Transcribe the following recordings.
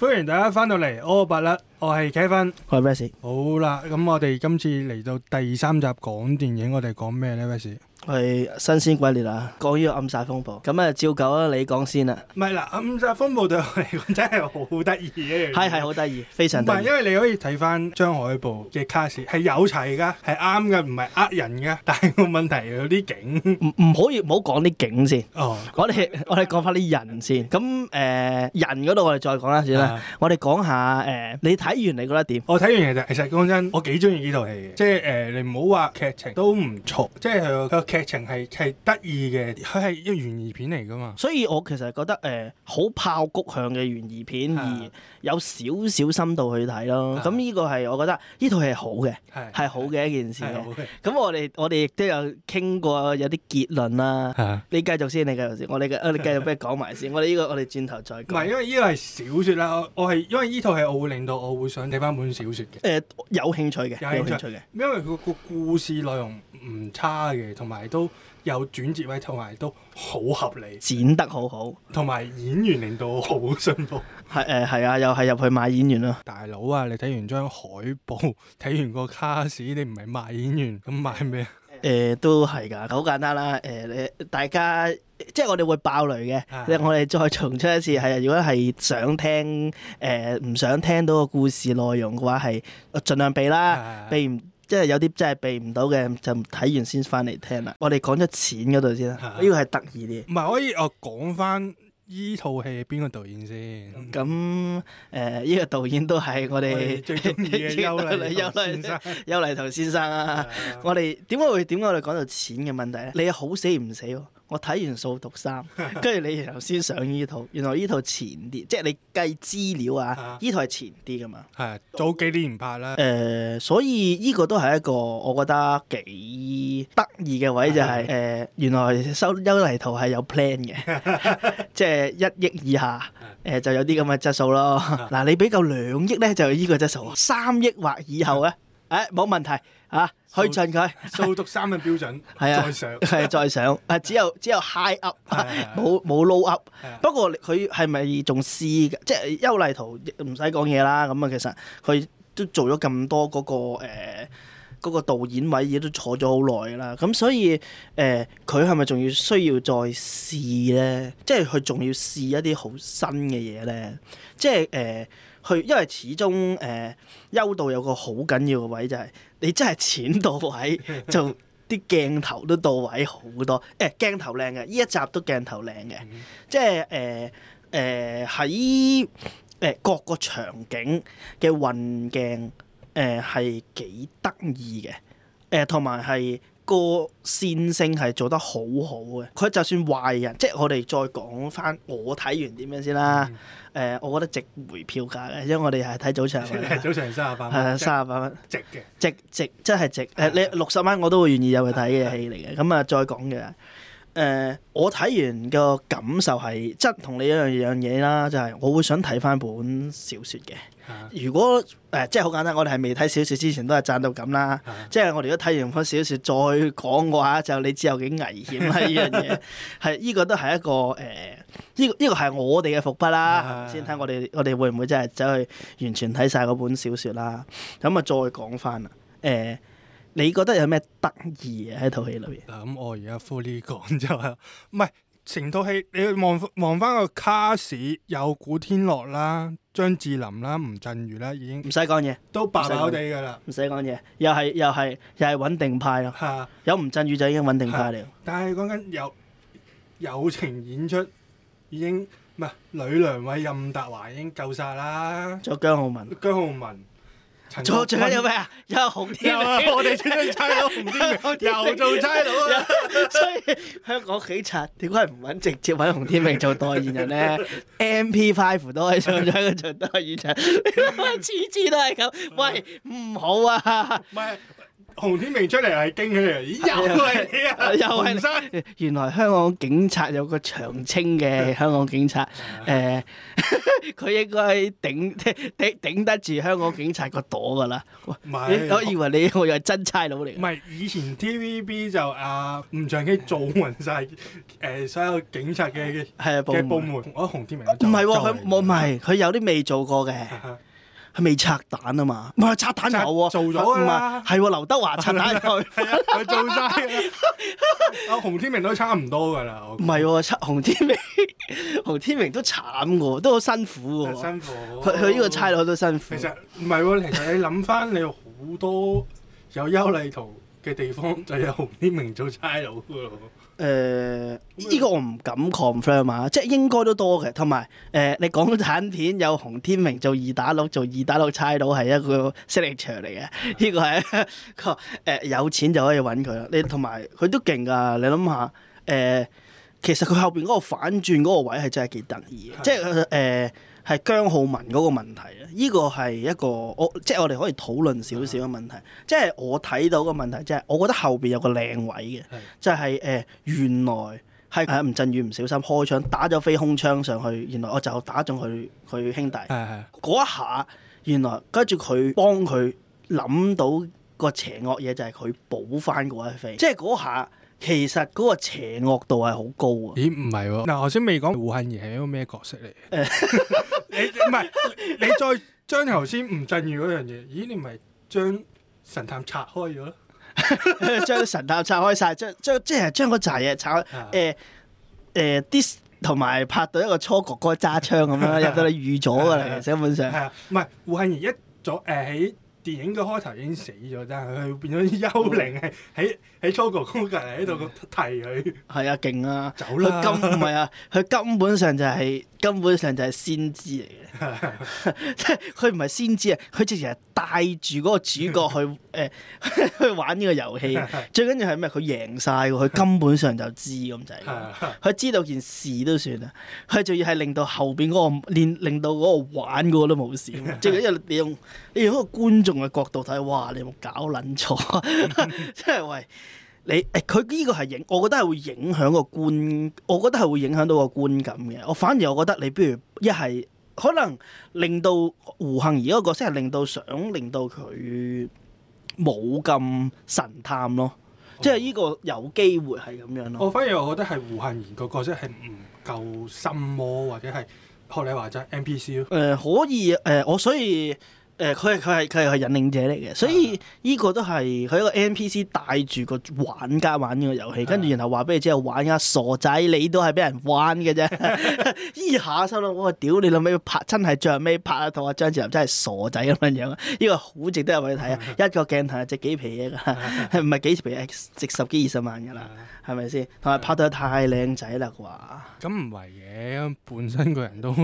歡迎大家翻到嚟，All But Lat。我係茄瞓，我係華氏，好啦，咁我哋今次嚟到第三集講電影，我哋講咩咧？華氏，係新鮮鬼烈啊！講呢個暗殺風暴，咁啊照舊啦，你講先啦。唔係啦，暗殺風暴對我嚟講真係好得意嘅。係，係好得意，非常得意。因為你可以睇翻張海報嘅卡士係有齊噶，係啱噶，唔係呃人噶。但係個問題有啲景，唔唔可以唔好講啲景先。哦，我哋我哋講翻啲人先。咁誒，人嗰度我哋再講啦，先啦。我哋講下誒，你睇。睇完你覺得點？我睇完其實，其實講真，我幾中意呢套戲嘅。即係誒、呃，你唔好話劇情都唔錯，即係佢個劇情係係得意嘅。佢係一個懸疑片嚟噶嘛。所以我其實覺得誒好、呃、爆谷向嘅懸疑片，的而有少少深度去睇咯。咁呢的個係我覺得呢套戲好嘅，係的好嘅一件事。咁我哋我哋亦都有傾過有啲結論啦。的的你繼續先，你繼續先。我哋我哋繼續俾你講埋先。我哋呢、呢個我哋轉頭再講。唔係，因為呢個係小説啦。我係因為呢套戲，我會令到我。會想睇翻本小説嘅，誒有興趣嘅，有興趣嘅，因為佢個故事內容唔差嘅，同埋都有轉折位，同埋都好合理，剪得好好，同埋演員令到好信服，係誒係啊，又係入去賣演員啦，大佬啊，你睇完張海報，睇完個卡士，你唔係賣演員，咁賣咩？誒、呃、都係㗎，好簡單啦，誒、呃、誒大家。即係我哋會爆雷嘅，即是我哋再重出一次。係如果係想聽誒，呃、唔想聽到個故事內容嘅話，係盡量避啦。是是是避唔，即係有啲真係避唔到嘅，就睇完是是是先翻嚟聽啦。我哋講咗錢嗰度先啦，呢個係得意啲。唔係，可以我講翻呢套戲邊個導演先？咁誒，呢、呃這個導演都係我哋最中意嘅邱禮邱禮邱禮濤先生啊！是是我哋點解會點解我哋講到錢嘅問題咧？你好死唔死、啊？我睇完掃毒三，跟住你頭先上呢套，原來呢套前啲，即係你計資料啊，呢套係前啲㗎嘛？係早幾年拍啦。誒、呃，所以呢個都係一個我覺得幾得意嘅位、就是，就係誒原來邱禮濤係有 plan 嘅， 即係一億以下誒、呃、就有啲咁嘅質素咯。嗱， 你俾夠兩億咧就有呢個質素，三億或以後咧誒冇問題嚇。啊去襯佢，數讀三嘅標準係 啊，再上係再上啊， 只有只有 high up 冇冇、 啊、low up。不過佢係咪仲試？即係優麗圖唔使講嘢啦。咁啊，其實佢都做咗咁多嗰、嗰個誒嗰、呃嗰個、導演位，亦都坐咗好耐啦。咁所以誒，佢係咪仲要需要再試咧？即係佢仲要試一啲好新嘅嘢咧？即係誒去，因為始終誒優導有個好緊要嘅位就係、是。你真係錢到位，就啲鏡頭都到位好多。誒、欸，鏡頭靚嘅，呢一集都鏡頭靚嘅，mm hmm. 1 即係誒誒喺誒各個場景嘅運鏡誒係幾得意嘅，誒同埋係。個線性係做得好好嘅，佢就算壞人，即係我哋再講翻，我睇完點樣先啦？誒、嗯呃，我覺得值回票價嘅，因為我哋係睇早場， 早場三十八蚊，三十八蚊，值嘅，值值即係值誒，你六十蚊我都會願意有去睇嘅戲嚟嘅。咁啊，啊再講嘅。誒、呃，我睇完嘅感受係，即同你一樣樣嘢啦，就係、是、我會想睇翻本小說嘅。如果誒、呃，即係好簡單，我哋係未睇小說之前都係讚到咁啦。啊、即係我哋如果睇完本小說再講嘅話，就你知有幾危險啦。呢樣嘢係呢個都係一個誒，呢個呢個係我哋嘅伏筆啦。先睇我哋我哋會唔會真係走去完全睇曬嗰本小說啦？咁啊再講翻啦，誒、呃。你覺得有咩得意啊？喺套戲裏邊，咁我而家敷呢個就係，唔係成套戲，你望望翻個 cast 有古天樂啦、張智霖啦、吳鎮宇啦，已經唔使講嘢，都爆手地噶啦，唔使講嘢，又係又係又係穩定派咯，係、啊、有吳鎮宇就已經穩定派了。啊、但係講緊有友情演出，已經唔係呂良偉、任達華已經夠晒啦，仲有姜浩文，姜浩文。做最緊有咩 啊？洪 有洪天明，我哋最中意差佬，洪天明又做差佬， 所以香港幾賊？點解唔揾直接揾洪天明做代言人咧？MP Five 都喺上咗個場代言人，次 次都係咁，喂唔 好啊！ 唔係洪天明出嚟係驚喜啊，又係你啊，又係新。原來香港警察有個長青嘅香港警察，誒、嗯，佢、欸、應該頂頂頂得住香港警察個朵噶啦。我我以為你我又真差佬嚟。唔係，以前 TVB 就阿吳長基做勻晒，誒，所有警察嘅嘅部門，我洪天明唔係，佢冇、啊，唔係、哦，佢有啲未做過嘅。佢未拆彈啊嘛，唔係拆彈有做咗啊，係、啊啊啊、劉德華拆彈，係啊，佢做晒。啊，阿洪天明都差唔多噶啦，唔係， 洪天明，洪天明都慘嘅、啊，都好辛苦喎、啊嗯，辛苦、啊，佢佢呢個差佬都辛苦、啊。其實唔係喎，其實你諗翻你有好多有優利圖嘅地方 就有洪天明做差佬嘅。誒呢、呃這個我唔敢 confirm 啊，即係應該都多嘅，同埋誒你講港產片有洪天明做二打六，做二打六猜到係一個 signature 嚟嘅，呢、這個係個誒有錢就可以揾佢啦。你同埋佢都勁㗎，你諗下誒，其實佢後邊嗰個反轉嗰個位係真係幾得意嘅，的即係誒。呃係姜浩文嗰個問題呢，呢個係一個我即係我哋可以討論少少嘅問題。即係我睇到個問題，這個、即係我，的我，我覺得後邊有個靚位嘅，即係誒原來係阿、啊、吳鎮宇唔小心開槍打咗飛空槍上去，原來我就打中佢佢兄弟。嗰的一下，原來跟住佢幫佢諗到個邪惡嘢，就係佢補翻嗰一飛。即係嗰下。其實嗰個邪惡度係好高啊！咦，唔係喎？嗱，頭先未講胡杏兒係一個咩角色嚟？誒、欸， 你唔係你再將頭先吳鎮宇嗰樣嘢，咦？你唔係將神探拆開咗？將 神探拆開晒，將將即係將個炸嘢拆誒誒啲，同埋是、啊欸欸、拍到一個初哥哥揸槍咁樣入到你預咗㗎啦，基本上係啊，唔係胡杏兒一早誒喺電影嘅開頭已經死咗，但係佢變咗幽靈係喺。 喺初哥攻入嚟，喺度咁提佢，係啊勁啊，啊走啦！佢根唔係啊，佢根本上就係、是、根本上就係先知嚟嘅。佢唔係先知啊，佢直情係帶住嗰個主角去誒、哎、 去玩呢個遊戲。 最緊要係咩？佢贏晒，佢根本上就知咁就係，佢 知道件事都算啦。佢仲要係令到後邊嗰、那個，令到嗰個玩嗰個都冇事。 最緊要你，你用你用一個觀眾嘅角度睇，哇！你冇搞撚錯，即 係 喂。你誒佢呢個係影，我覺得係會影響個觀，我覺得係會影響到個觀感嘅。我反而我覺得你不如一係可能令到胡杏兒嗰個角色係令到想令到佢冇咁神探咯，Oh. 即係呢個有機會係咁樣咯。我反而我覺得係胡杏兒個角色係唔夠深魔或者係學你話齋 NPC。誒、呃、可以誒，我、呃、所以。誒佢係佢係佢係個引領者嚟嘅，所以呢個都係佢一個 NPC 帶住個玩家玩呢個遊戲，跟住然後話俾你知，玩家傻仔，你都係俾人玩嘅啫。依 下收啦，我話屌你老味拍，真係最後尾拍一套啊！張智霖真係傻仔咁樣樣，依、這個好值得入去睇啊！ 一個鏡頭值幾皮嘢㗎，唔係幾皮，值十幾二十萬㗎啦，係咪先？同埋拍到太靚仔啦啩？咁唔係嘅，本身個人都。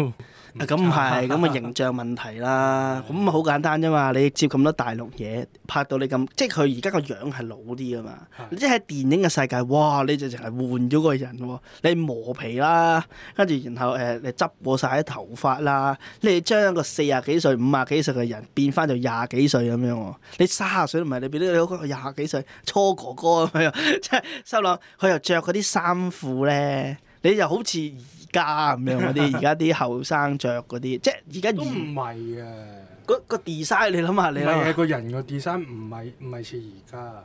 啊，咁唔係，咁 prueba 啊形象問題啦，咁啊好簡單啫嘛，你接咁多大陸嘢，拍到你咁，即係佢而家個樣係老啲啊嘛。你知喺電影嘅世界，哇！你就直情換咗個人喎，你磨皮啦，跟住然後誒、呃，你執過晒啲頭髮啦，你將一個四十幾歲、五十幾歲嘅人變翻做廿幾歲咁樣喎。你卅歲都唔係，你變到你好似廿幾歲初哥哥咁樣，即係收落佢又著嗰啲衫褲咧，你就好似而家咁樣嗰啲，而家啲後生着嗰啲，即係而家唔係啊。個 design 你諗下，你係、嗰個人個 design 唔係唔係似而家，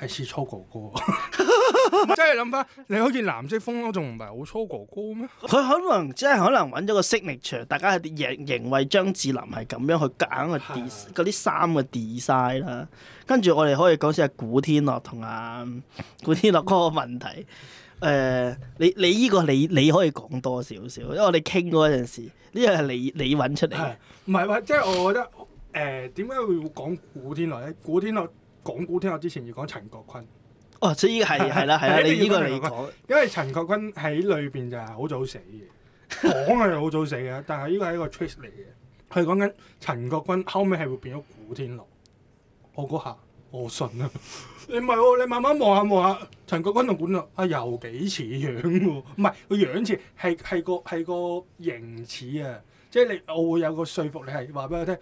係似粗哥哥。即係諗翻，你好似藍色風褸仲唔係好粗哥哥咩？佢可能即係可能揾咗個 signature，大家認為張智霖係咁樣去揀個啲衫嘅 design 啦。跟住我哋可以講下古天樂同啊古天樂嗰個問題。誒、呃，你你依、這個你你可以講多少少，因為我哋傾嗰陣時，呢個係你你揾出嚟。唔係、啊、即係、就是、我覺得誒，點解會講古天樂咧？古天樂，講古天樂之前要講陳國坤。哦，所以係係啦，係你呢、這個你講。你說因為陳國坤喺裏邊就係好早死嘅，講係好早死嘅， 但係呢個係一個 twist 嚟嘅。佢講緊陳國坤後尾係會變咗古天樂，我估下。我信啊！ 你唔係、哦、你慢慢望下望下陳國君同管龍啊，又幾似樣喎！唔係佢樣似，係係個係個形似啊！即係你，我會有個說服你係話俾佢聽，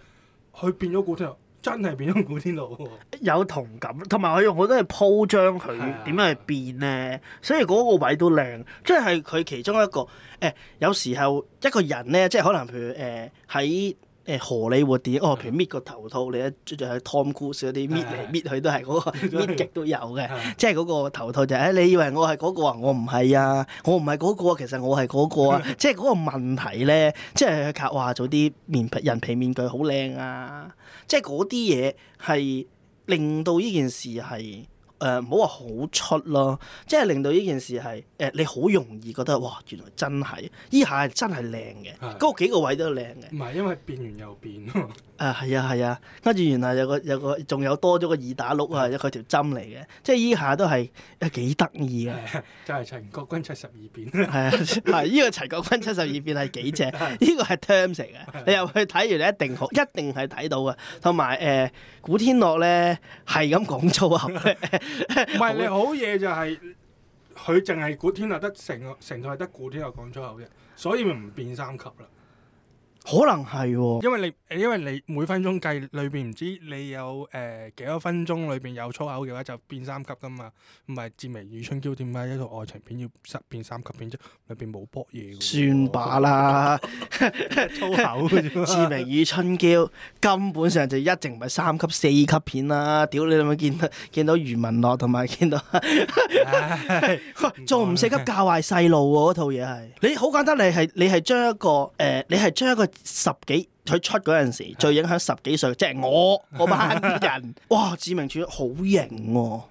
佢變咗古天樂，真係變咗古天樂、啊、有同感，同埋佢用好多係鋪張佢點樣去變咧，啊、所以嗰個位都靚，即係佢其中一個誒、欸。有時候一個人咧，即係可能譬如誒喺。呃誒荷里活啲，哦，譬如搣個頭套，你一追住去湯庫雪嗰啲搣嚟搣去都係嗰、嗰個搣極、嗯、 都有嘅，嗯、即係嗰個頭套就係、係哎，你以為我係嗰、嗰個啊？我唔係啊，我唔係嗰個啊，其實我係嗰個啊， 即係嗰個問題咧，即係佢拍話做啲面皮人皮面具好靚啊，即係嗰啲嘢係令到依件事係。誒唔好話好出咯，即係令到呢件事係誒、呃、你好容易覺得哇，原來真係依下係真係靚嘅，嗰的幾個位都靚嘅。唔係因為變完又變咯。誒係啊係啊，跟住原來有個有個仲有多咗個二打六啊，佢、嗯、條針嚟嘅，即係依下都係幾得意嘅。就係陳國軍七十二變。係啊係，依、這個陳國軍七十二變係幾正？呢個係 terms 嚟嘅， 你又去睇完你一定可一定係睇到嘅。同埋誒古天樂咧係咁講粗口。 唔係，你好嘢就係佢淨係古天樂得成個成套係得古天樂講粗口啫，所以咪唔變三級啦。 可能係喎、哦，因為你因為你每分鐘計裏邊唔知你有誒、呃、幾多分鐘裏邊有粗口嘅話就變三級噶嘛，唔係《志明與春嬌》點解一套愛情片要失變三級片啫？裏邊冇卜嘢。算吧啦，粗口。《志明與春嬌》根本上就一直唔係三級 四級片啦，屌你有冇見到見到余文樂同埋見到仲唔四級教壞細路喎，嗰套嘢係。你好簡單，你係你係將一個誒，你係將一個。呃十幾佢出嗰陣時，最影響十幾歲，即係我嗰班人， 哇！致命處好型喎，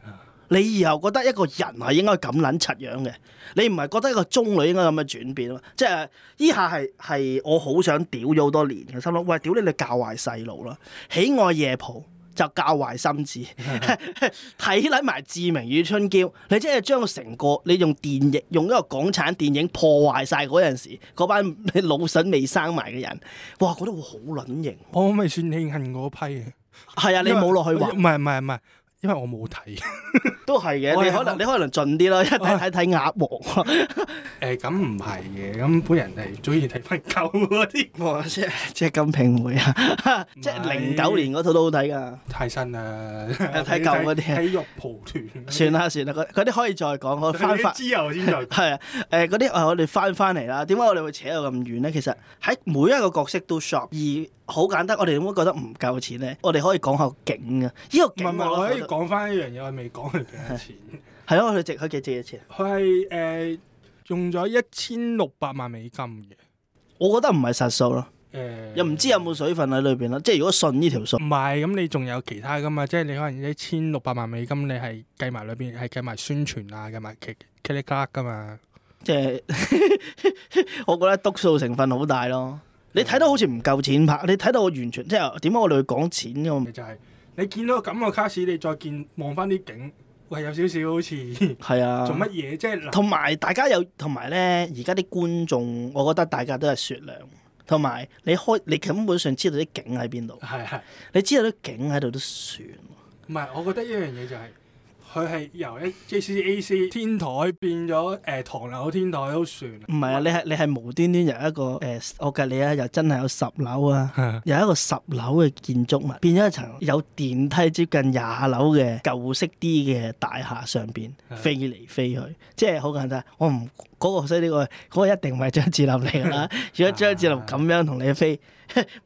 你以後覺得一個人係應該咁捻柒樣嘅，你唔係覺得一個中女應該咁樣轉變啊？即係依下係係我好想屌咗好多年嘅心諗，喂，屌你你教壞細路囉，喜愛夜蒲。就教壞心智，睇曬埋《志明與春嬌》，你真係將成個你用電影用一個港產電影破壞晒嗰陣時，嗰班腦囟未生埋嘅人，哇！覺得我好卵型，我可唔可以算慶幸嗰批嘅，係 啊！你冇落去玩，唔係唔係唔係。因為我冇睇，都係嘅。你可能你可能盡啲咯，一睇睇睇鴨王。誒，咁唔係嘅，咁本人係中意睇翻舊嗰啲，即係金瓶梅啊，即係零九年嗰套都好睇噶。太新啦，睇舊嗰啲，睇玉蒲團。算啦算啦，嗰啲可以再講，我翻翻。之後先再講。係啊，誒嗰啲我哋翻翻嚟啦。點解我哋會扯到咁遠咧？其實喺每一個角色都 shop，而好簡單。我哋點解覺得唔夠錢咧？我哋可以講下景啊，呢個景。講翻一樣嘢，我未講佢幾多錢。係咯，佢借佢幾借幾錢？佢係誒用咗一千六百萬美金嘅，我覺得唔係實數咯。誒，又唔知有冇水分喺裏邊咯。即係如果信呢條數，唔係咁，你仲有其他噶嘛？即係你可能一千六百萬美金，你係計埋裏邊，係計埋宣傳啊，計埋其 c l i k e 噶嘛。即係我覺得篤數成分好大咯。你睇到好似唔夠錢拍，你睇到我完全即係點解我哋會講錢嘅？就係。你見到咁個卡士，你再見望翻啲景，喂，有少少好似係 啊，做乜嘢？即係同埋大家有同埋咧，而家啲觀眾，我覺得大家都係雪亮。同埋你開你根本上知道啲景喺邊度，係係，你知道啲景喺度都算。唔係，我覺得一樣嘢就係。佢係由 JCCAC 天台變咗誒唐樓天台都算。唔係啊，你係你係無端端由一個誒、呃，我隔離啊，又真係有十樓啊，由、啊、一個十樓嘅建築物，變咗一層有電梯接近廿樓嘅舊式啲嘅大廈上邊、啊、飛嚟飛去，即係好簡單。我唔嗰、嗰個所以呢個嗰、嗰個一定唔係張智霖嚟㗎啦，啊、如果張智霖咁樣同你飛，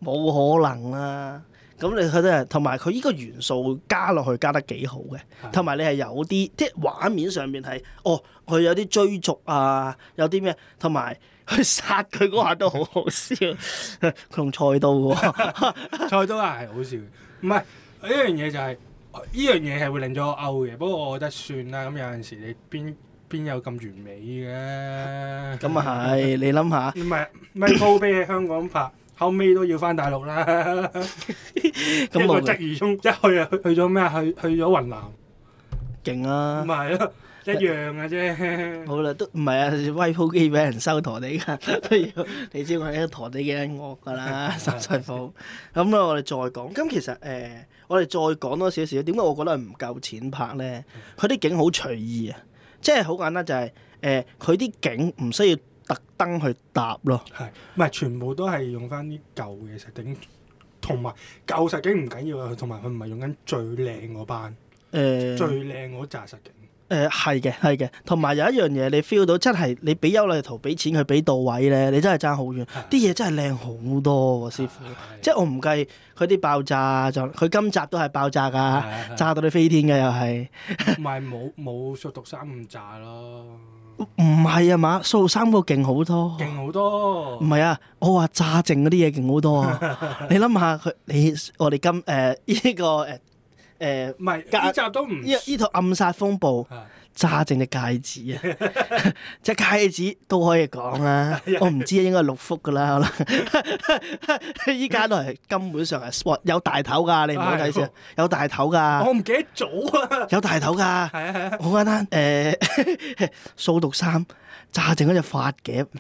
冇 可能啦、啊。咁你覺得同埋佢依個元素加落去加得幾好嘅？同埋你係有啲即係畫面上面係哦，佢有啲追逐啊，有啲咩？同埋佢殺佢嗰下都好好笑，佢用菜刀喎。菜 刀啊係好笑，唔係呢樣嘢就係呢樣嘢係會令咗我嘔嘅。不過我覺得算啦。咁有陣時你邊邊有咁完美嘅？咁啊係， 你諗下？唔係，咪高啲喺香港拍。 後尾都要翻大陸啦， 咁我即業中即去啊去去咗咩啊去去咗雲南，勁啊！唔係咯，一樣嘅、啊、啫。好啦、啊，都唔係啊，威風機俾人收陀地噶，都要 你知我呢陀地嘅惡噶啦， 實在好。咁啦， 我哋再講，咁其實誒、呃，我哋再講多少少，點解我覺得唔夠錢拍咧？佢啲景好隨意啊，即係好簡單就係、是、誒，佢、呃、啲景唔需要。特登去搭咯，係，唔係全部都係用翻啲舊嘅實景，同埋舊實景唔緊要啊，同埋佢唔係用緊最靚嗰班，誒、欸，最靚嗰紮實景，誒係嘅係嘅，同埋有一樣嘢你 feel 到真係你俾優例圖俾錢佢俾到位咧，你真係爭好遠，啲嘢的真係靚好多喎師傅，的即係我唔計佢啲爆炸就，佢今集都係爆炸㗎，炸到你飛天嘅又係，唔係冇冇熟毒三五,五炸咯。唔係啊，馬蘇三個勁好多，勁好多。唔係啊，我話炸淨嗰啲嘢勁好多啊！ 你諗下佢，你我哋今誒依、呃這個誒誒，唔係呢集都唔呢套暗殺風暴。 揸正隻戒指啊！隻 戒指都可以講啦、啊。 我唔知應該六福噶啦，可能依家都係根本上係 s 有大頭噶，你唔好睇先，哎、呦有大頭噶。我唔記得咗啦。 有大頭噶，好簡單。誒、欸，掃 毒三揸正嗰隻髮夾。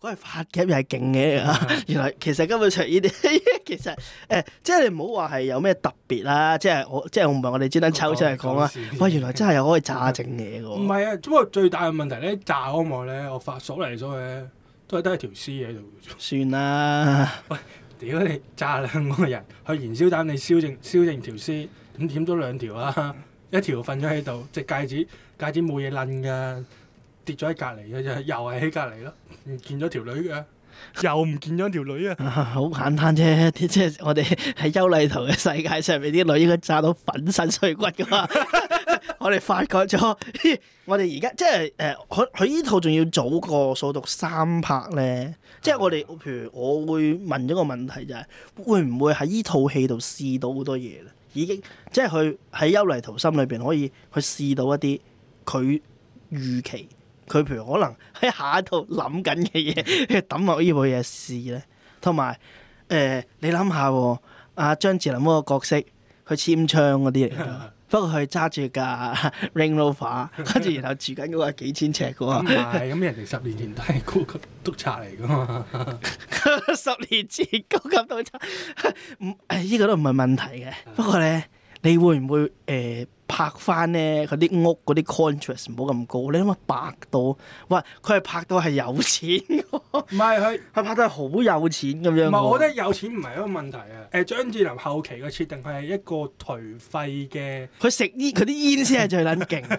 我係 髮夾又係勁嘅，的原來其實根本上呢啲， 其實誒、呃，即係你唔好話係有咩特別啦，即係我，即係我唔係我哋專登抽出嚟講啊。喂，原來真係可以炸整嘢嘅。唔係 啊，不過最大嘅問題咧，炸我唔係咧，我發數嚟咗嘅，都係都係條屍喺度。算啦了。喂，屌如果你炸兩個人，佢燃燒彈你燒正燒正條屍，咁點都兩條啊？一條瞓咗喺度，隻戒指戒指冇嘢爛噶。跌咗喺隔籬嘅就又係喺隔籬咯，唔 見咗條女嘅，又唔見咗條女啊！好簡單啫，即係我哋喺《邱禮濤》嘅世界上面，啲女應該炸到粉身碎骨噶嘛！我哋發覺咗，我哋而家即係誒，佢佢依套仲要早過掃毒三拍咧，即係我哋、嗯、譬如我會問咗個問題就係、是：會唔會喺依套戲度試到好多嘢咧？已經即係佢喺《邱禮濤》心裏邊可以去試到一啲佢預期。佢譬如可能喺下一套諗緊嘅嘢抌落呢部嘢試咧，同埋誒你諗下喎，阿、啊、張智霖嗰個角色，佢簽槍嗰啲嚟㗎， 不過佢揸住架 Range Rover，跟住然後住緊嗰個幾千尺嘅、啊、喎。係，咁人哋十年前都係高級督察嚟㗎嘛。十年前高級督察，唔，依個都唔係問題嘅。不過咧，你會唔會誒？呃拍翻咧佢啲屋嗰啲 contrast 唔好咁高，你諗下白到，哇！佢係拍到係有錢，唔係佢佢拍到係好有錢咁樣。唔係，我覺得有錢唔係一個問題啊。誒、呃，張智霖後期嘅設定佢係一個頹廢嘅，佢食煙，佢啲煙先係最撚勁。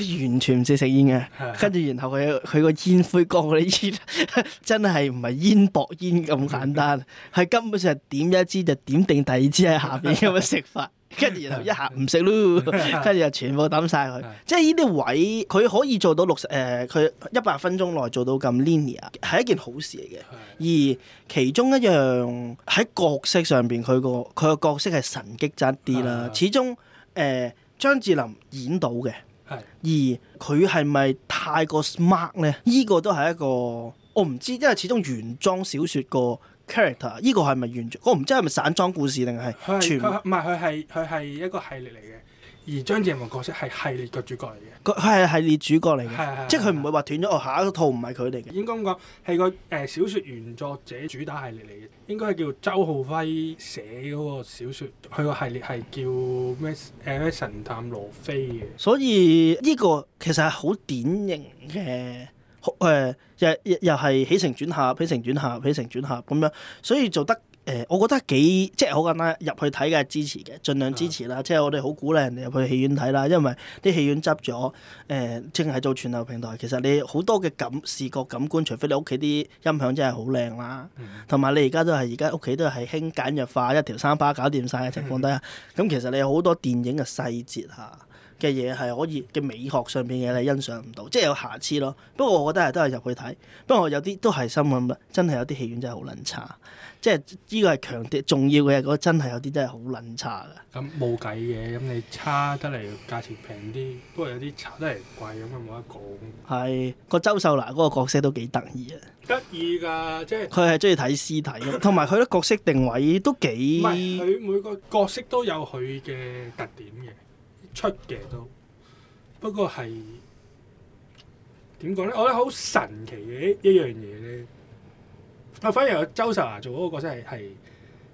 佢完全唔識食煙嘅。跟住 然後佢佢個煙灰缸嗰啲煙 真係唔係煙薄煙咁簡單，係 根本上係點一支就點定第二支喺下邊咁嘅食法。 跟住就一下唔食咯，跟住 就全部抌晒佢。即係呢啲位佢可以做到六十，誒，佢一百分鐘內做到咁 linear 係一件好事嚟嘅。 而其中一樣喺角色上邊，佢個佢個角色係神經質啲啦。 始終誒張智霖演到嘅， 而佢係咪太過 smart 咧？呢、這個都係一個我唔知，因為始終原裝小説個。character 依個係咪原作？我唔知係咪散裝故事定係，全係唔係佢係佢係一個系列嚟嘅。而張智霖個角色係系列嘅主角嚟嘅。佢係系列主角嚟嘅。係係，即係佢唔會話斷咗，哦，下一套唔係佢嚟嘅。應該咁講，係個誒、呃、小説原作者主打系列嚟嘅，應該係叫周浩輝寫嗰個小説，佢個系列係叫咩？誒、呃、咩神探羅飛嘅。所以呢、這個其實係好典型嘅。誒又又又係起承轉合，起承轉合，起承轉合咁樣，所以做得誒、呃，我覺得幾即係好簡單入去睇嘅支持嘅，儘量支持啦。嗯、即係我哋好鼓勵人哋入去戲院睇啦，因為啲戲院執咗誒，淨、呃、係做串流平台。其實你好多嘅感視覺感官，除非你屋企啲音響真係好靚啦，同埋、嗯、你而家都係而家屋企都係興簡約化，一條三巴搞掂晒嘅情況底下。咁、嗯嗯、其實你有好多電影嘅細節嚇。嘅嘢係可以嘅美學上邊嘅嘢你欣賞唔到，即係有瑕疵咯。不過我覺得係都係入去睇。不過有啲都係心諗，真係有啲戲院真係好撚差。即係呢個係強調重要嘅，我真係有啲真係好撚差㗎。咁冇計嘅，咁你差得嚟價錢平啲，不過有啲差得嚟貴，咁樣冇得講。係個周秀娜嗰個角色都幾得意啊！得意㗎，即係佢係中意睇屍體，同埋佢啲角色定位都幾唔係。佢每個角色都有佢嘅特點嘅，出嘅都，不過係點講咧？我覺得好神奇嘅一一樣嘢咧，啊，反而阿周秀娜做嗰個角色係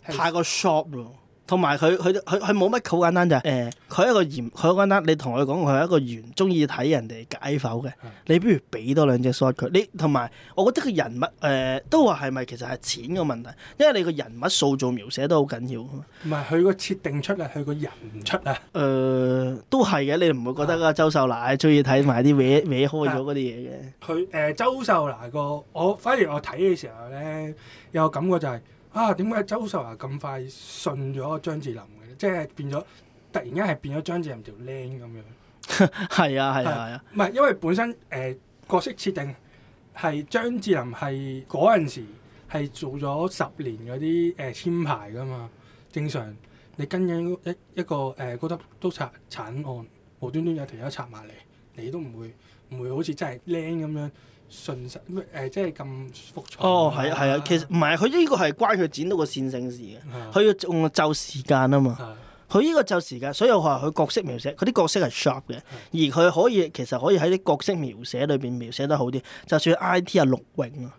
係太過 sharp 咯。同埋佢佢佢冇乜好簡單就係誒，佢、呃、一個圓，佢好簡單。你同佢講，佢係一個圓，中意睇人哋解剖嘅。嗯、你不如俾多兩隻 shot 佢。你同埋，我覺得個人物誒、呃、都話係咪其實係錢嘅問題？因為你個人物塑造描寫都好緊要。唔係佢個設定出嚟，佢個人唔出啊。誒、呃，都係嘅，你唔會覺得啊、嗯呃呃？周秀娜最中意睇埋啲歪搲開咗嗰啲嘢嘅。佢誒，周秀娜個我反而我睇嘅時候咧，有感覺就係、是。啊，點解周秀華、啊、咁快信咗張智霖嘅咧？即係變咗突然間係變咗張智霖條靚咁樣。係 啊，係啊，係啊。唔係因為本身誒、呃、角色設定係張智霖係嗰陣時係做咗十年嗰啲誒簽牌㗎嘛。正常你跟緊一一個誒嗰啲督察產案，無端端有條友插埋嚟，你都唔會唔會好似真係靚咁樣。純實咩、呃？即係咁複雜。哦，係啊，係啊，嗯、其實唔係，佢呢個係關佢剪到個線性事嘅，佢的要就時間啊嘛。佢呢的個就時間，所以我話佢角色描寫，佢啲角色係 s h a r p 嘅，而佢可以其實可以喺啲角色描寫裏邊描寫得好啲。就算 IT 係陸永啊，陸永的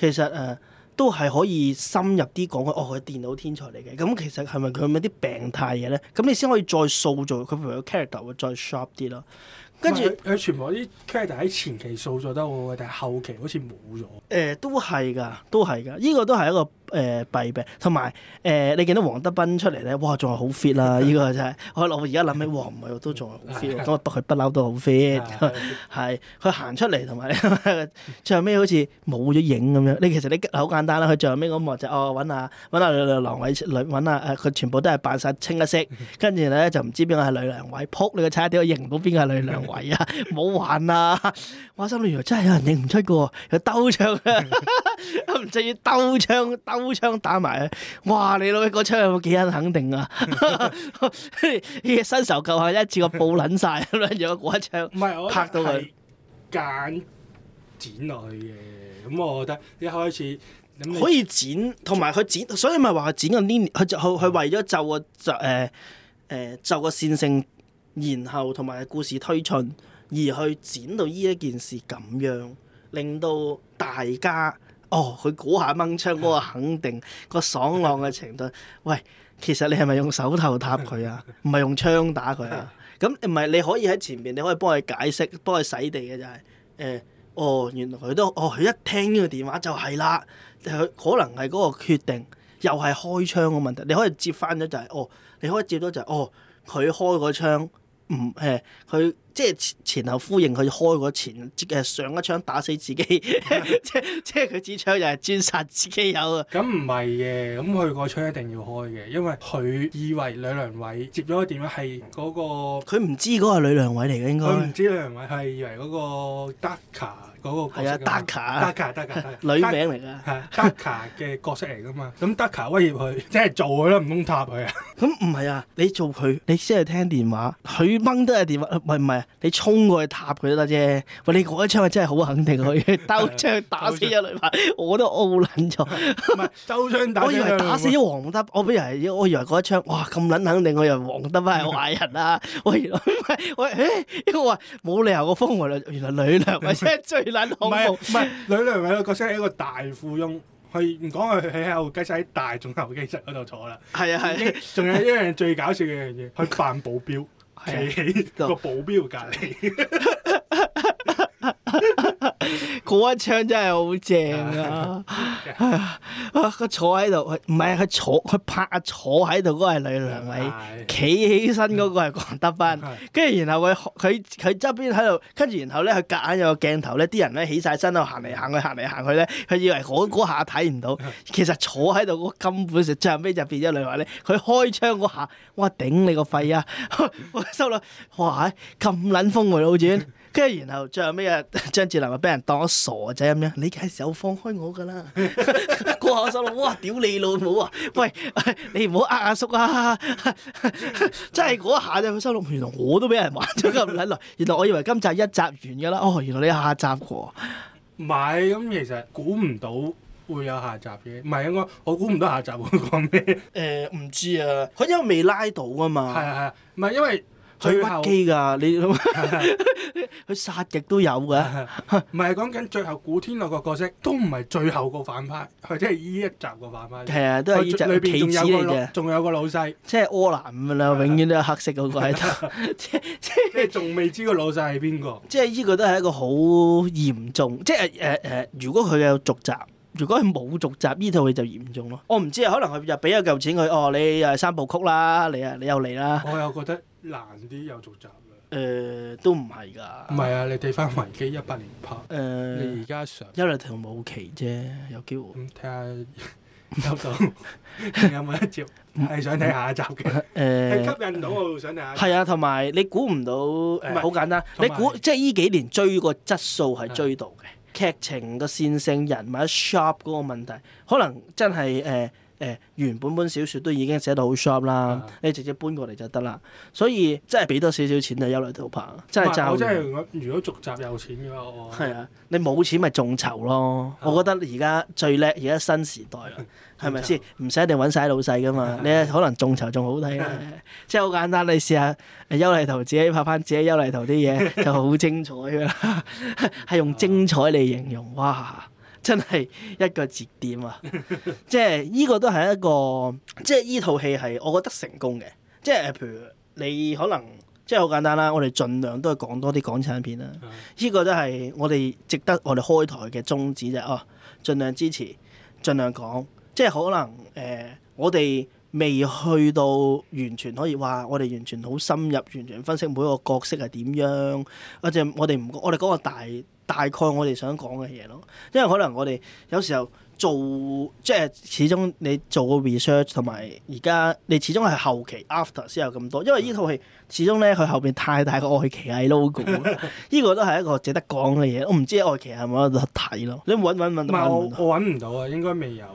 其實誒、呃、都係可以深入啲講佢哦，佢電腦天才嚟嘅。咁、嗯、其實係咪佢咪啲病態嘢咧？咁你先可以再塑造佢，譬如個 character 會再 sharp 啲咯。跟住佢全部啲 character 喺前期塑造得好好嘅，但係後期好似冇咗。誒、欸，都係噶，都係噶，呢、這個都係一個。誒弊病，同埋誒你見到黃德斌出嚟咧，哇，仲係好 fit 啦！呢個真係，我我而家諗起，哇，黃梅都仲係好 fit，咁啊，不佢不嬲都好 fit，係佢行出嚟，同埋最後尾好似冇咗影咁樣。你其實你好簡單啦，佢最後尾咁幕就是、哦揾下揾下呂良偉梁揾下，佢全部都係扮晒清一色，跟住咧就唔知邊個係呂良偉，撲你個叉屌，我認唔到邊個係呂良偉啊！冇玩啊！哇，心裏原來真係有人認唔出嘅喎，有兜槍啊，唔至於兜槍兜。高槍打埋去，哇！你老味嗰槍有冇幾肯肯定啊！啲嘢伸手救下一次個布撚曬咁樣，有一槍唔係我拍到佢揀剪落去嘅。咁我覺得一開始可以剪，同埋佢剪，所以咪係話佢剪個呢年，佢就佢佢為咗就個就誒誒就個線性，然後同埋故事推進而去剪到呢一件事咁樣，令到大家。哦，佢估下掹槍嗰個肯定，嗰個爽朗嘅程度。 喂，其實你係咪用手頭揼佢啊？唔係 用槍打佢啊？咁唔係你可以喺前面，你可以幫佢解釋，幫佢洗地嘅就係、是、誒、呃。哦，原來佢都哦，佢一聽呢個電話就係、是、啦。就可能係嗰個決定，又係開槍嘅問題。你可以接翻咗就係、是、哦，你可以接咗就係、是、哦，佢開個槍唔誒佢。呃即係前後呼應，佢開個前誒上一槍打死自己， 即即係佢支槍又係專殺自己友啊！咁唔係嘅，咁佢個槍一定要開嘅，因為佢以為呂良偉接咗個電話係嗰個，佢唔知嗰個呂良偉嚟嘅，應該佢唔知呂良偉係以為嗰個德卡。嗰個角色噶，啊，德卡，德卡， 德卡，女名嚟噶，係德卡嘅角色嚟噶嘛？咁德卡威脅佢，即係做佢啦，唔通塔佢啊？咁唔係啊，你做佢，你先係聽電話，佢掹都係電話，唔係唔係，你衝過去塔佢都得啫。喂，你嗰一槍係真係好肯定佢，兜槍打死咗女排，我都傲撚咗。唔 係，兜槍打。我以為打死黃德，我本來以為嗰一槍，哇咁撚肯定，我以為黃德係壞 人啊！我原來唔係，我誒，因為冇理由個風雲女，原來女兩位先最。唔係唔係，呂良偉個角色係一個大富翁，佢唔講，佢喺候機室喺大眾候機室嗰度坐啦。係啊係啊，仲有一樣最搞笑嘅一樣嘢，佢扮保鏢，企喺個保鏢隔籬。 嗰 一槍真係好正啊！佢、 啊、坐喺度，唔係佢坐，佢拍坐喺度嗰位女梁偉，企 起身嗰個係郭德斌，跟住 然後佢佢佢側邊喺度，跟住然後咧佢夾硬有個鏡頭咧，啲人咧起晒身度行嚟行去行嚟行去咧，佢以為嗰下睇唔到， 其實坐喺度根本就最尾就變咗女話咧，佢開槍嗰下，哇頂你個肺啊！ 我收啦，哇咁撚峰回路轉。 跟住然後最後咩啊？張智霖話俾人當咗傻仔咁樣，你嘅時候放開我㗎啦！ 過下我收錄，哇！屌你老母啊！喂，啊、你唔好呃阿叔啊！哈哈真係嗰下就收錄完，原來我都俾人玩咗咁撚耐。 原來我以為今集一集完㗎啦，哦！原來你下集喎。唔係，咁其實估唔到會有下集嘅，唔係應該我估唔到下集會講咩？誒唔、呃、知啊，佢因為未拉到啊嘛。係啊係啊，唔係因為。最後，屈機㗎，你佢殺極都有㗎，唔係講緊最後古天樂個角色，都唔係最後個反派，係即係依一集個反派。係啊，都係依集嘅棋子嚟嘅。仲有個老細，即係柯南咁樣啦，永遠都有黑色嗰個喺度。即即係仲未知個老細係邊個？即係依個都係一個好嚴重，即係誒誒。如果佢有續集，如果佢冇續集，依套戲就嚴重咯。我唔知啊，可能佢又俾一嚿錢佢，哦，你又三部曲啦，你啊，你又嚟啦。我又覺得。難啲有續集㗎、呃。都唔係㗎。唔係啊！你睇翻《維基》一八年拍，誒，你而家上《一粒糖》冇期啫，有機會。嗯，睇下有冇得接。係想睇下一集嘅。誒。係吸引到我，想睇下一集、呃。係啊，同埋你估唔到唔係好簡單，是你估即係呢幾年追個質素係追到嘅劇情個線性人物 shop 嗰個問題，可能真係誒、呃。誒原本本小説都已經寫到好 sharp 啦，你直接搬過嚟就得啦。所以真係俾多少少錢就優麗圖拍，真係，就如果續集有錢嘅話，我係啊，你冇錢咪眾籌咯。我覺得而家最叻，而家新時代啦，係咪先？唔使一定揾晒老細噶嘛，你可能眾籌仲好睇咧。即係好簡單，你試下優麗圖自己拍翻自己優麗圖啲嘢就好精彩㗎啦，係用精彩嚟形容哇！真係一個節點啊！ 即係呢、呢個都係一個，即係依套戲係我覺得成功嘅。即係譬如你可能，即係好簡單啦。我哋盡量都係講多啲港產片啦。呢、嗯、個都係我哋值得我哋開台嘅宗旨啫。哦、啊，盡量支持，盡量講。即係可能誒、呃，我哋未去到完全可以話，我哋完全好深入，完全分析每一個角色係點樣，或者我哋唔，我哋嗰個大。大概我哋想講嘅嘢咯，因為可能我哋有時候做即係始終你做個 research 同埋而家你始終係後期 after 先有咁多，因為呢套戲始終咧佢後邊太大個愛奇藝 logo，呢 個都係一個值得講嘅嘢。我唔知愛奇藝係咪有得睇咯？你揾揾揾唔係，我我揾唔到啊，應該未有。誒、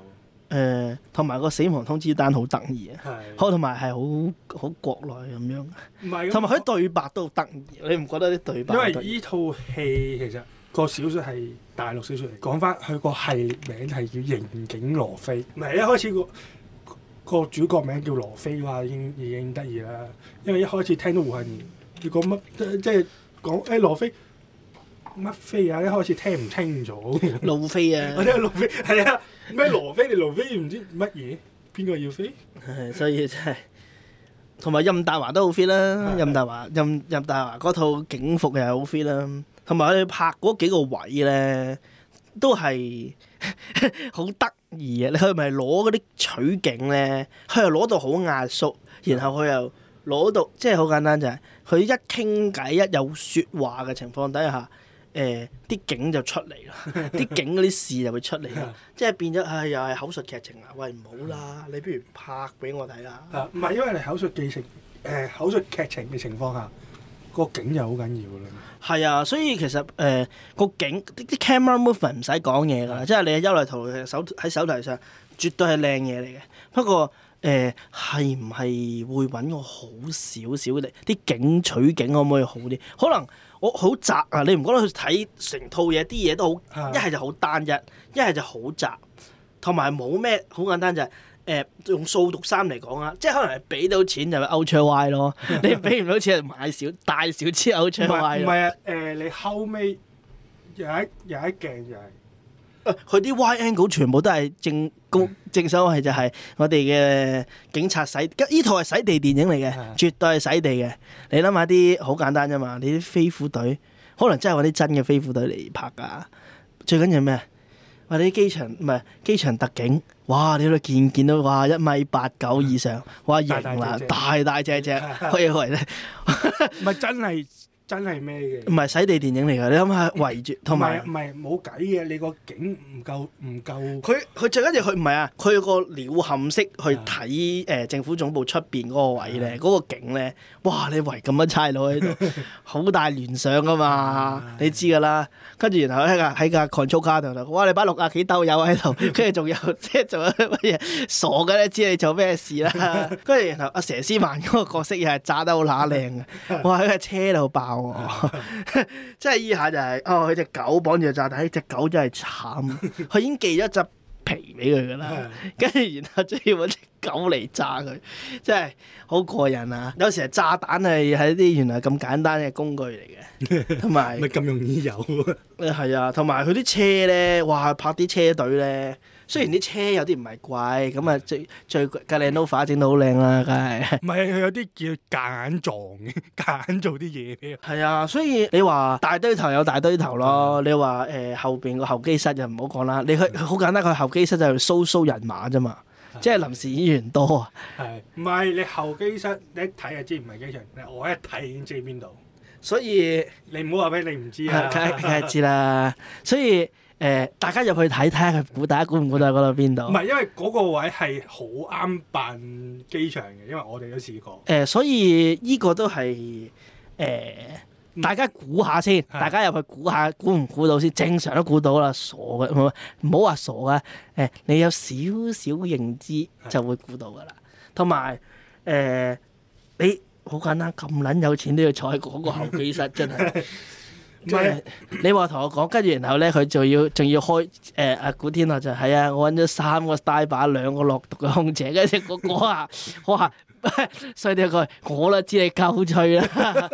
呃，同埋個死亡通知單是好得意啊，好同埋係好好國內咁樣，同埋佢對白都好得意，你唔覺得啲對白？因為呢套戲其實。個小說係大陸小說嚟，講翻佢個系名係叫《刑警羅飛》，唔係一開始個個主角名叫羅飛啊，已經已經得意啦。因為一開始聽到胡杏兒，結果乜即係講誒羅飛乜飛啊，一開始聽唔清楚。」「路飛啊， 我聽路飛，係啊，咩羅飛你路飛唔知乜嘢？邊個要飛？係， 所以真係同埋任達華都好 fit 啦、啊的，任達華任任達華嗰套警服又係好 fit 啦、啊。同埋佢拍嗰幾個位咧，都係好得意嘅。你佢咪攞嗰啲取景咧，佢又攞到好壓縮，然後佢又攞到即係好簡單就係，佢一傾偈一有説話嘅情況底下，誒、呃、啲景就出嚟啦，啲景嗰啲事就會出嚟、 哎、啦，即係變咗唉又係口述劇情啊！喂唔好啦，你不如拍俾我睇啦。唔係、啊、因為你口述、呃、劇情誒口述劇情嘅情況下，個景就好緊要啦。係啊，所以其實誒、呃，嗰個景啲啲 camera movement 唔使講嘢㗎啦，嗯、即係你優來圖其手喺手提上絕對係靚嘢嚟嘅。不過誒係唔係會揾個好少少力？啲景取景可唔可以好啲？可能我好窄啊！你唔覺得去睇成套嘢，啲嘢都好一係就好單一，一係就好窄，同埋冇咩好簡單就係、是。誒、呃、用掃毒三嚟講啊，即係可能係俾到錢就係 Ultra Y 咯， 你俾唔到錢係買少大少支 Ultra Y。唔係啊，誒、呃、你後尾有一有一鏡就係、是，佢啲、呃、Y angle 全部都係正公正所謂就係我哋嘅警察，洗依套係洗地電影嚟嘅，嗯、絕對係洗地嘅。你諗下啲好簡單啫嘛，你啲飛虎隊可能真係揾啲真嘅飛虎隊嚟拍噶，最緊要係咩？話你啲機場唔係機場特警，哇！你都見見到，哇，一米八九以上，嗯、哇型啦，大大隻隻，我以為咧，唔係 真係。真係咩嘅？唔係洗地電影嚟㗎，你諗下圍住同埋唔係冇計嘅，你個景唔夠唔夠。佢佢最緊要佢唔係啊！佢個鳥瞰式去睇誒、啊呃、政府總部出邊嗰個位咧，嗰、嗰個景咧，哇！你圍咁樣差佬喺度，好 大聯想㗎嘛！啊、你知㗎啦。跟住然後喺個喺個 control car 度，哇！你擺六啊幾兜友喺度，跟住仲有即係仲有乜嘢？傻嘅啦，知你做咩事啦？跟住 然後阿佘詩曼嗰個角色又係炸得好乸靚嘅，哇！喺個車度爆。即係依下就係、是、哦，佢隻狗綁住炸彈，隻狗真係慘，佢 已經寄咗隻皮俾佢噶啦，跟住 然後仲要揾隻狗嚟炸佢，真係好過癮啊！有時炸彈係喺啲原來咁簡單嘅工具嚟嘅，同埋唔係咁容易有，係 啊，同埋佢啲車咧，哇，拍啲車隊咧。雖然啲車有啲唔係貴，咁啊最最架靚 no 化整到好靚啦，梗係。唔係佢有啲叫假撞嘅，假做啲嘢。係啊，所以你話大堆頭有大堆頭咯。嗯、你話誒、呃、後邊個候機室就唔好講啦。嗯、你去好簡單，佢候機室就係收收人馬啫嘛，即係、啊、臨時演員多啊。係，唔係你候機室你一睇就知唔係機場。我一睇已經知邊度。所以你唔好話俾你唔知啊，梗係梗係知啦。所以。誒、呃，大家入去睇睇下佢估，大家估唔估到嗰度邊度？唔係，因為嗰個位係好啱辦機場嘅，因為我哋都試過。誒、呃，所以呢個都係誒、呃，大家估下先，嗯、大家入去估下，估唔估到先？的正常都估到啦，傻嘅，唔好唔好話傻啊！誒、呃，你有少少認知就會估到噶啦。同埋誒，你好、呃哎、簡單，咁撚有錢都要坐喺嗰個候機室，真係。 唔係、嗯 呃，你話同我講，跟住然後咧，佢仲要仲要開誒阿、呃、古天樂就係、是、啊、哎，我揾咗三個大把兩個落毒嘅空姐，跟住嗰個啊，哇！ 所以呢句我都知你夠脆啦，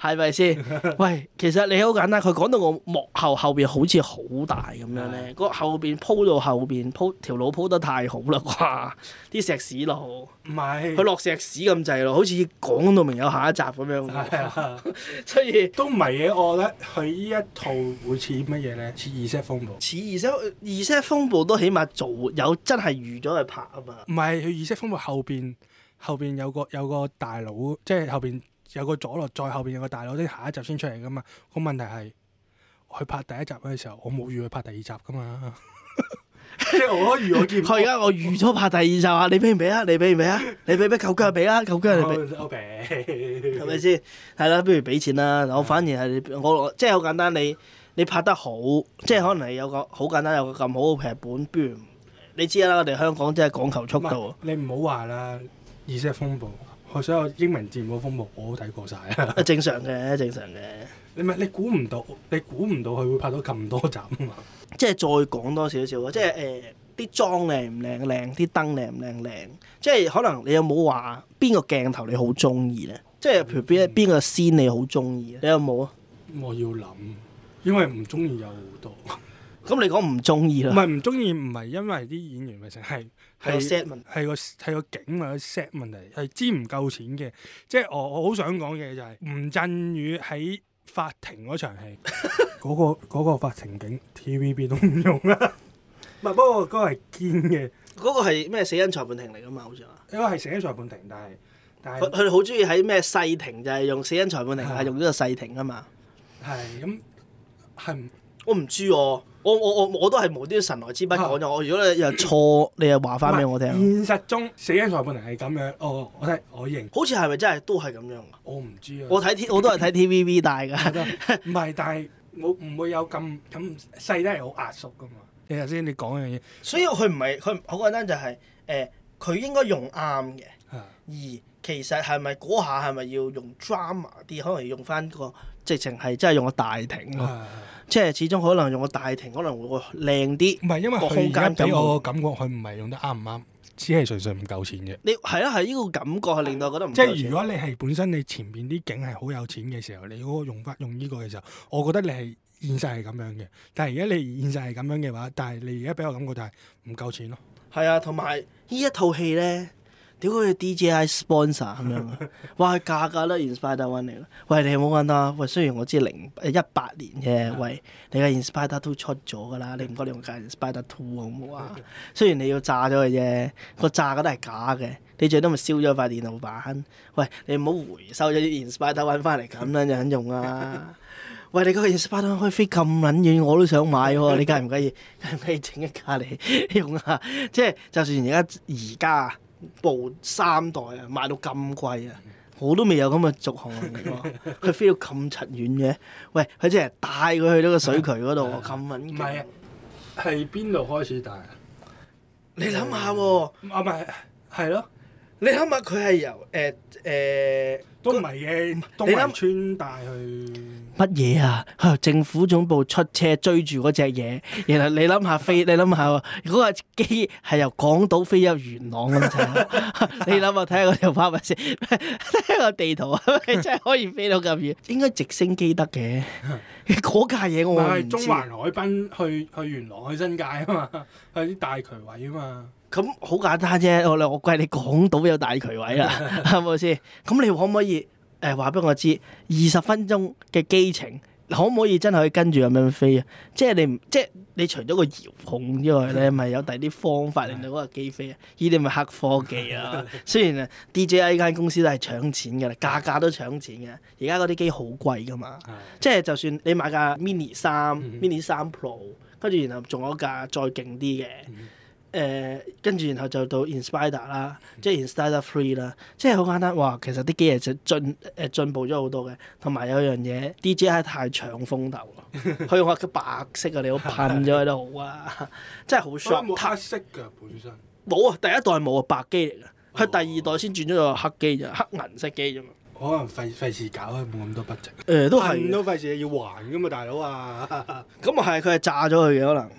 係咪先？喂，其實你好簡單，佢講到我幕後後邊好似好大咁樣咧，是的 個後邊鋪到後邊鋪條路鋪得太好啦啩，啲、啊、石屎路唔係佢落石屎咁滯咯，好似講到明有下一集咁樣的。嗯、 所以都唔係嘅，我覺得佢呢一套會似乜嘢咧？似異色風暴。似異色異色風暴都起碼做有真係預咗去拍啊嘛。唔係佢異色風暴後邊。後邊有個有個大佬，即係後邊有個左落，再後邊有個大佬，即係下一集先出嚟噶嘛。個問題係，佢拍第一集嘅時候，我冇預佢拍第二集噶嘛。 即係我，我，我，我預我見。佢而家我預咗拍第二集我給給啊！你俾唔俾啊？你俾唔俾啊？你俾咩九斤啊？俾啊！九斤你俾。O K。係咪先？係啦，不如俾錢啦！我反而係我即係好簡單，你你拍得好，即係可能係有個好簡單有個咁好嘅劇本。不如你知啦，我哋香港真係講求速度。你唔好話啦。意識風暴，佢所有英文字母風暴，我都睇過晒。啊！ 正常嘅，正常嘅。你咪你估唔到，你估唔到佢會拍到咁多集啊嘛！即係再講多少少啊！即係誒，啲妝靚唔靚靚，啲燈靚唔靚靚。即係可能你有冇話邊個鏡頭你好中意咧？棒即係譬如邊一邊個 scene 你好中意，你有冇啊？我要諗，因為唔中意有好多。咁 你講唔中意啦？唔係唔中意，唔係因為啲演員咪成。係。係 set 問，係個係個景啊個 set 問題，係知唔夠錢嘅。即係我我好想講嘅就係、係、吳鎮宇喺法庭嗰場戲，嗰、 嗰個嗰個法庭景 TVB 都唔用啦。唔 係，不過嗰、嗰個係堅嘅。嗰個係咩？死因裁判庭嚟噶嘛？好似話應該係死因裁判庭，但係但係佢佢好中意喺咩細庭就係、係、用死因裁判庭，係、啊、用呢個細庭啊嘛。係咁係我唔知喎、啊。我我我我都係無端神來之筆講咗，我、啊、如果你又錯， 你又話翻俾我聽。現實中死因裁判庭係咁樣，哦，我睇我認，好似係咪真係都係咁樣？我唔知啊。我睇 T，我都係睇 TVB 大㗎。唔 係，但係我唔會有咁咁細都係好壓縮㗎嘛。你頭先你講嘅嘢，所以佢唔係佢好簡單就係、是、誒，佢、呃、應該用啱嘅，啊、而其實係咪嗰下係咪要用 drama 啲，可能要用翻、嗰個。直情係真係用個大庭咯，啊、即係始終可能用個大庭可能會靚啲。唔係因為佢而家俾我感覺佢唔係用得啱唔啱，只係純粹唔夠錢嘅。你係咯，係呢個感覺係令到我覺得唔夠錢。即係如果你係本身你前面啲景係好有錢嘅時候，你嗰個用法用呢個嘅時候，我覺得你係現實係咁樣嘅。但係而家你現實係咁樣嘅話，但係你而家俾我感覺就係唔夠錢咯。係啊，同埋呢一套戲咧。屌佢 DJI sponsor 咁樣，哇佢價格都 Inspire One 嚟咯。餵你冇揾啦，喂雖然我知零一八年嘅，喂你嘅 Inspire Two 都出咗㗎啦，你唔該你，你用架 Inspire Two 好唔好啊？雖然你要炸咗佢啫，個炸都係假嘅。你最多咪燒咗塊電腦板。喂，你唔好回收咗啲 Inspire One 翻嚟咁樣就肯用啊！ 喂，你嗰個 Inspire One 可以飛咁撚遠，我都想買喎、啊。你介唔介意？介唔介意？整一架嚟用下、啊，即係就算而家而家。部三代啊，賣到咁貴啊，我都未有咁嘅續航。佢飛到咁遠嘅，喂，佢即係帶佢去到個水渠嗰度，咁揾唔係啊？係邊度開始帶啊？你諗下喎，啊唔係係咯，你諗下佢係由誒誒。欸欸都唔係嘅，你諗穿帶去乜嘢啊，啊？政府總部出車追住嗰隻嘢，然後你諗下飛， 你諗下如果個機係由港島飛入元朗嘅嘛？ 你諗下睇下嗰條巴士，睇下個地圖啊， 圖 真係可以飛到咁遠，應該直升機得嘅。嗰 架嘢我唔係中環海濱去去元朗去新界啊嘛，去大渠位啊嘛。咁好簡單啫，我我估係你講到有大渠位啦，係咪先？咁你可唔可以誒話俾我知，二十分鐘嘅機程可唔可以真係可以跟住咁樣飛啊？即係你唔即係你除咗個遙控之外咧，咪有第啲方法令到嗰個機飛啊？而你咪黑科技啊！雖然啊，DJI 間公司都係搶錢㗎啦，家家都搶錢嘅。而家嗰啲機好貴㗎嘛， 即係就算你買架 min Mini 三、Mini 三 Pro，跟住然後仲有一架再勁啲嘅。 誒、呃、跟住然後就到 Inspire 啦，即係 Inspire Three 啦，即係好簡單。哇，其實啲機器就進誒進步咗好多嘅，同埋有樣嘢，DJI 太搶風頭啦。佢話佢白色啊，你好噴咗佢都好啊， 真係好 short。黑色嘅本身。冇啊，第一代冇啊，白機嚟㗎。佢第二代先轉咗個黑機咋，黑銀色機啫嘛。可能費費事搞啊，冇咁多筆值。誒、欸，都係都的費事要還噶嘛，大佬 啊！咁啊係，佢係炸咗佢嘅可能，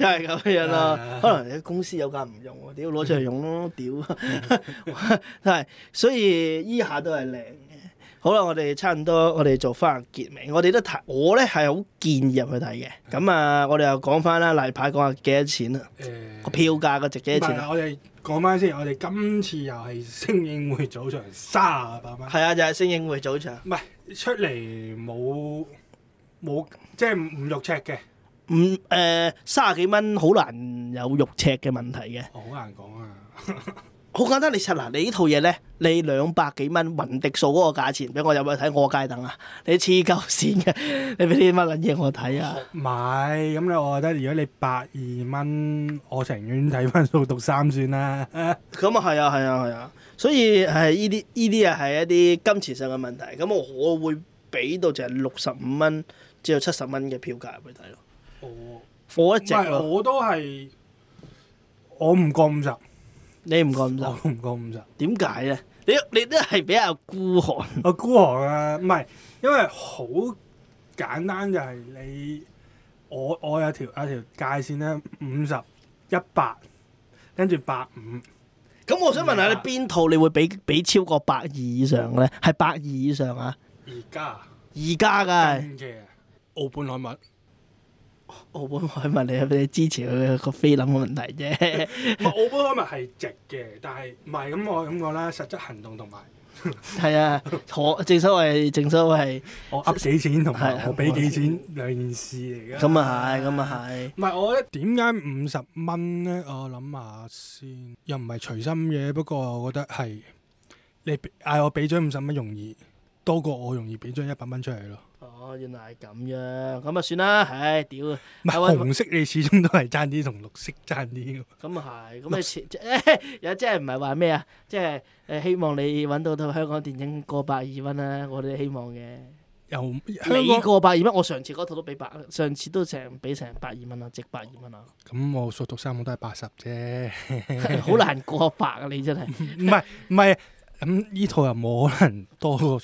又係咁樣咯。可能公司有間唔用，屌攞、嗯、出嚟用咯，屌！係，所以依下都係靚嘅。好啦，我哋差唔多，我哋做翻結尾。我哋都睇，我咧係好建議入去睇嘅。咁啊，我哋又講翻啦，例牌講下幾多錢啊？誒，票價嘅值幾多錢？講返先，我哋今次又係星影匯早場三十八蚊。係啊，就係星影匯早場。唔係出嚟冇冇，即係唔肉赤嘅。五、嗯，誒、呃，三十幾蚊好難有肉赤嘅問題嘅。我好、哦、難講啊。 好簡單，你實嗱，你呢套嘢咧，你兩百幾蚊雲迪數嗰個價錢，俾我有冇睇我階等啊！你黐鳩線嘅，你俾啲乜捻嘢我睇啊？唔，咁你我覺得如果你百二蚊，我情願睇翻數獨三算啦。咁 啊係啊係啊係啊，所以係呢啲呢啲啊係一啲金錢上嘅問題。咁我我會俾到就係六十五蚊至到七十蚊嘅票價入去睇咯。哦，啊，火一隻，我都係，我唔過五十。你唔過五十，唔過五十，點解咧？你你都係比較孤寒，我孤寒啊！唔係，因為好簡單就係你，我我有條有條界線咧，五十、嗯、一百，跟住百五。咁我想問下你邊套你會俾俾超過百二以上咧？係百二以上啊？而家在，而家㗎，奧本海默。奧本海默你你支持佢個菲林嘅問題啫。唔，奧本海默係值嘅，但係唔係咁我咁講啦，實質行動同埋係啊。我正所謂正所謂我噏幾錢同埋我俾幾錢兩件事嚟噶。咁啊係，咁啊係。唔、嗯、係、嗯、 我覺得點解五十蚊咧？我諗下先，又唔係隨心嘅。不過我覺得係你嗌我俾咗五十蚊容易，多過我容易俾張一百蚊出嚟咯。哦，原來係咁樣，咁啊算啦，唉、哎，屌！唔係紅色，你始終都係爭啲，同綠色爭啲。咁啊係，咁啊有即係唔係話咩啊？即係誒希望你揾到套香港電影過百二蚊啦，我哋希望嘅。又，香港過百二蚊，我上次嗰套都畀百，上次都成畀成百二蚊啦，值百二蚊啦。咁我熟讀三個都係八十啫。好難過百啊！你真係。唔係唔係，咁呢套又冇可能多。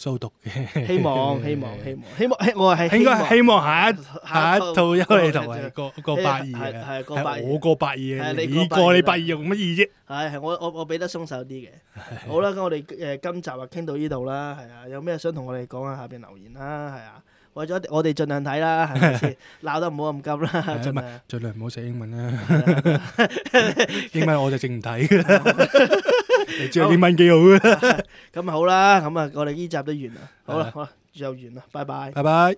掃毒嘅，希望希望希望希望，我係係應該希望下一下一套一厘頭係過過八二嘅，係我過八二嘅，你過你八二用乜意啫？係係我我我俾得鬆手啲嘅，好啦，咁我哋誒今集啊傾到呢度啦，係啊，有咩想同我哋講啊？下面留言啦，係啊，為咗我哋盡量睇啦，係咪先？鬧得唔好咁急啦，盡量盡量唔好寫英文啦，英文我就淨唔睇。你知 啊？啲蚊幾好啊？咁好啦，咁啊我哋呢集都完啦，好啦是的 好啦，又完啦，拜拜，拜拜。